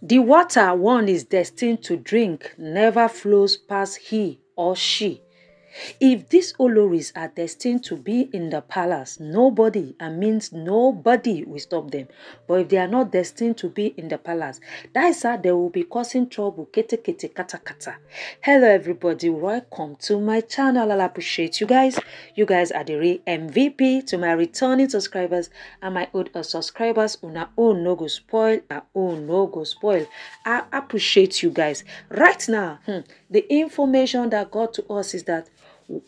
The water one is destined to drink never flows past he or she. If these Oloris are destined to be in the palace, nobody, I means nobody, will stop them. But if they are not destined to be in the palace, that is how they will be causing trouble. Kete kete kata kata. Hello everybody, welcome to my channel. I appreciate you guys. You guys are the real MVP to my returning subscribers and my old subscribers. Una own oh, no go spoil, una ah, own oh, no go spoil. I appreciate you guys. Right now, hmm, the information that got to us is that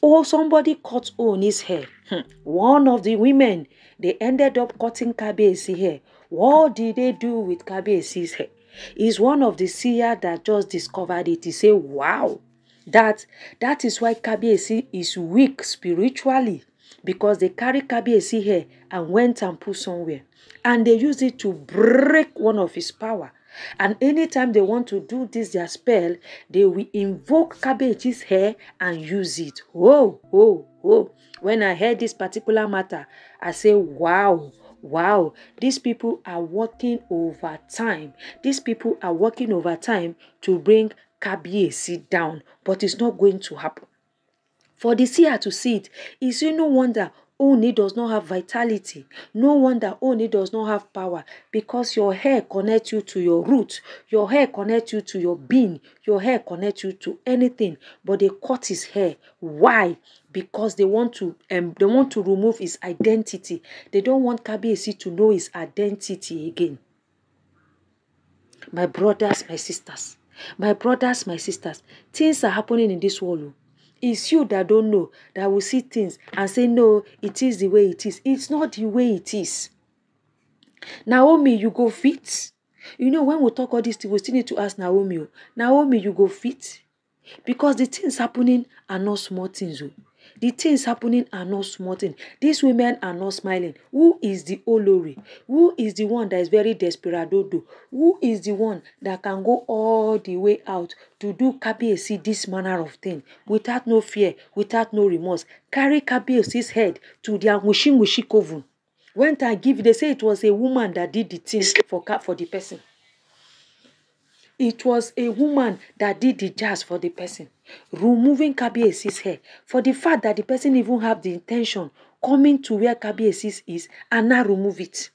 oh, somebody cut on his hair. Hmm. One of the women, they ended up cutting Kabesi hair. What did they do with Kabesi's hair? Is one of the seer that just discovered it. He say, wow, that that is why Kabesi is weak spiritually because they carry Kabesi hair and went and put somewhere, and they used it to break one of his power and anytime they want to do this, their spell, they will invoke cabbage's hair and use it. Oh, oh, oh. When I heard this particular matter, I say, wow. Wow, these people are working over time. These people are working over time to bring seed down, but it's not going to happen. For the seer to see it, it's you no wonder Oni does not have vitality. No wonder Oni does not have power because your hair connects you to your root. Your hair connects you to your being. Your hair connects you to anything. But they cut his hair. Why? Because they want to um, they want to remove his identity. They don't want Kabiesi to know his identity again. My brothers, my sisters, my brothers, my sisters, things are happening in this world. Oh. It's you that don't know, that will see things and say, No, it is the way it is. It's not the way it is. Naomi, you go fit. You know, when we talk all this, we still need to ask Naomi, oh. Naomi, you go fit? Because the things happening are not small things. Oh. The things happening are not small thing. These women are not smiling. Who is the Olori? Who is the one that is very desperadodo? Who is the one that can go all the way out to do Kabiyesi this manner of thing without no fear, without no remorse? Carry Kabiyesi's head to their wishing wishi coven. When time give, they say it was a woman that did the thing for for the person. It was a woman that did the jazz for the person, removing Kabiesi's hair for the fact that the person even have the intention coming to where Kabiesi is and now remove it.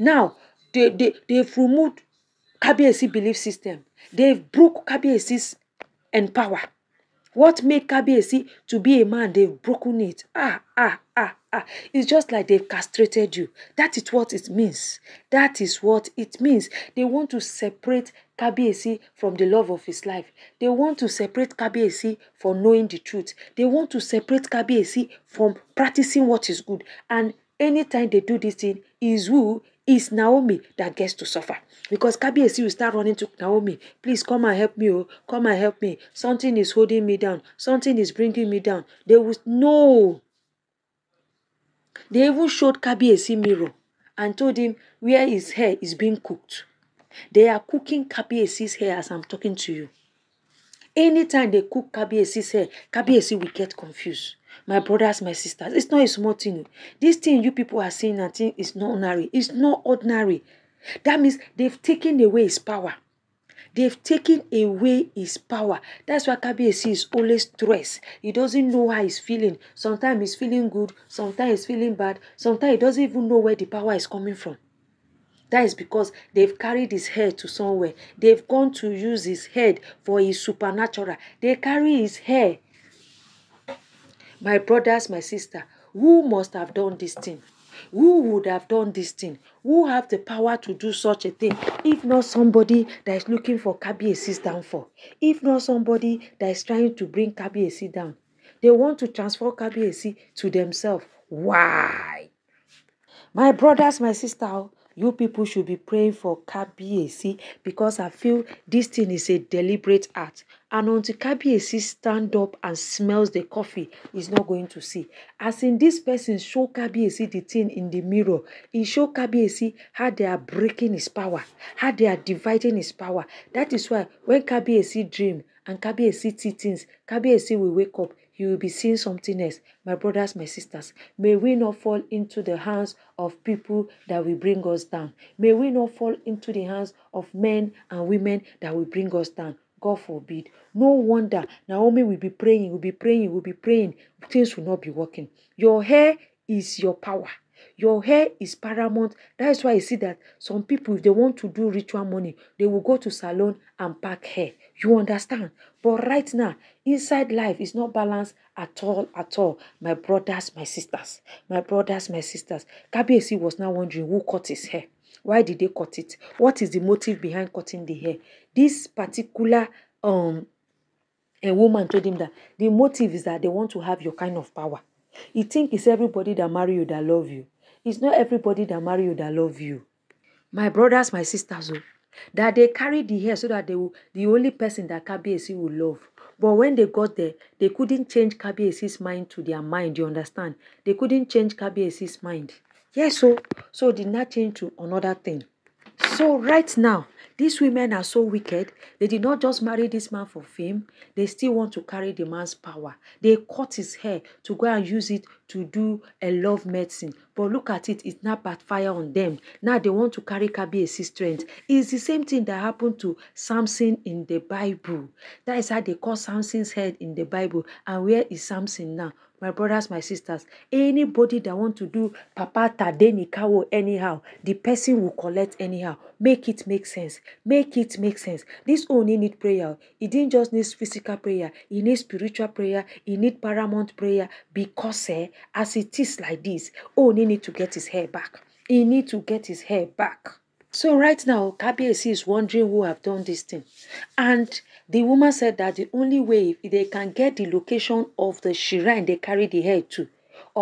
Now, they, they, they've removed Kabiesi belief system. They've broke Kabiesi's and power. What made Kabiesi to be a man? They've broken it. Ah, ah, ah. Ah, it's just like they've castrated you. That is what it means. That is what it means. They want to separate Kabiesi from the love of his life. They want to separate Kabiesi for knowing the truth. They want to separate Kabiesi from practicing what is good. And anytime they do this thing, is who is Naomi that gets to suffer. Because Kabiesi will start running to Naomi. Please come and help me. Oh, come and help me. Something is holding me down. Something is bringing me down. They will no They even showed Kabiyesi mirror and told him where his hair is being cooked. They are cooking Kabiyesi's hair as I'm talking to you. Anytime they cook Kabiyesi's hair, Kabiyesi will get confused. My brothers, my sisters, it's not a small thing. Oh. This thing you people are seeing, I think, is not ordinary. It's not ordinary. That means they've taken away his power. They've taken away his power. That's why KBC is always stressed. He doesn't know how he's feeling. Sometimes he's feeling good, sometimes he's feeling bad, sometimes he doesn't even know where the power is coming from. That is because they've carried his head to somewhere. They've gone to use his head for his supernatural. They carry his hair. My brothers, my sister, who must have done this thing? Who would have done this thing? Who have the power to do such a thing if not somebody that is looking for Kabi Kabiesi down for? If not somebody that is trying to bring Kabi Kabiesi down? They want to transfer Kabiesi to themselves. Why? My brothers, my sisters. Oh, You people should be praying for Kabiesi because I feel this thing is a deliberate act. And until Kabiesi stand up and smells the coffee, he's not going to see. As in this person show Kabiesi the thing in the mirror, he show Kabiesi how they are breaking his power, how they are dividing his power. That is why when Kabiesi dream and Kabiesi see things, Kabiesi will wake up. you will be seeing something else. My brothers, my sisters, may we not fall into the hands of people that will bring us down. May we not fall into the hands of men and women that will bring us down. God forbid. No wonder Naomi will be praying, will be praying, will be praying. Things will not be working. Your hair is your power. Your hair is paramount. That is why you see that some people, if they want to do ritual money, they will go to salon and pack hair. You understand? But right now, inside life is not balanced at all, at all. My brothers, my sisters, my brothers, my sisters. Kabiesi was now wondering who cut his hair. Why did they cut it? What is the motive behind cutting the hair? This particular um a woman told him that the motive is that they want to have your kind of power. You think it's everybody that marry you that love you. It's not everybody that marry you that love you. My brothers, my sisters, oh. that they carried the hair so that they will, the only person that Kabiesi will love. But when they got there, they couldn't change Kabiesi's mind to their mind. You understand? They couldn't change Kabiesi's mind. Yes, so so did not change to another thing. So right now, these women are so wicked. They did not just marry this man for fame. They still want to carry the man's power. They cut his hair to go and use it to do a love medicine but look at it, not now backfire on them. Now they want to carry Kabiesi's strength. It's the same thing that happened to Samson in the Bible. That is how they call Samson's head in the Bible. And where is Samson now? my brothers, my sisters, anybody that want to do papa tadeni kawo anyhow, the person will collect anyhow. Make it make sense. Make it make sense. This only need prayer. It didn't just need physical prayer. It needs spiritual prayer. It need paramount prayer because eh, as it is like this, only need to get his hair back. He need to get his hair back. So right now, Kabiesi is wondering who have done this thing. And the woman said that the only way if they can get the location of the shrine they carry the hair to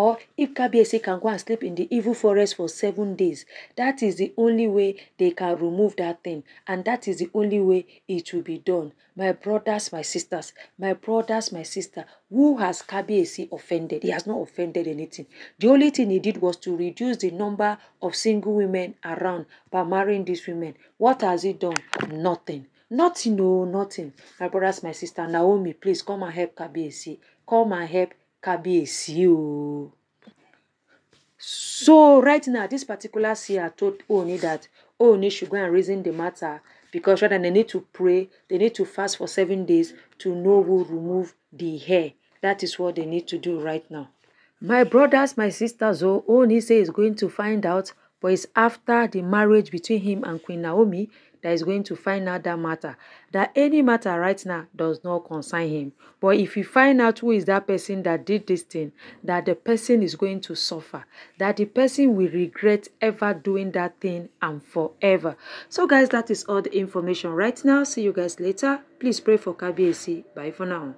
or if Kabiesi can go and sleep in the evil forest for seven days, that is the only way they can remove that thing. And that is the only way it will be done. My brothers, my sisters, my brothers, my sister, who has Kabiesi offended? He has not offended anything. The only thing he did was to reduce the number of single women around by marrying these women. What has he done? Nothing. Nothing, no, oh, nothing. My brothers, my sister, Naomi, please come and help Kabiesi. Come and help kábíyèsí o. So right now, this particular seer told Ooni that Ooni should go and reason the matter because rather they need to pray, they need to fast for seven days to know who remove the hair. That is what they need to do right now. My brothers, my sisters, oh, Ooni say is going to find out, but it's after the marriage between him and Queen Naomi that is going to find out that matter. That any matter right now does not concern him. But if you find out who is that person that did this thing, that the person is going to suffer, that the person will regret ever doing that thing and forever. So, guys, that is all the information right now. See you guys later. Please pray for KBAC. Bye for now.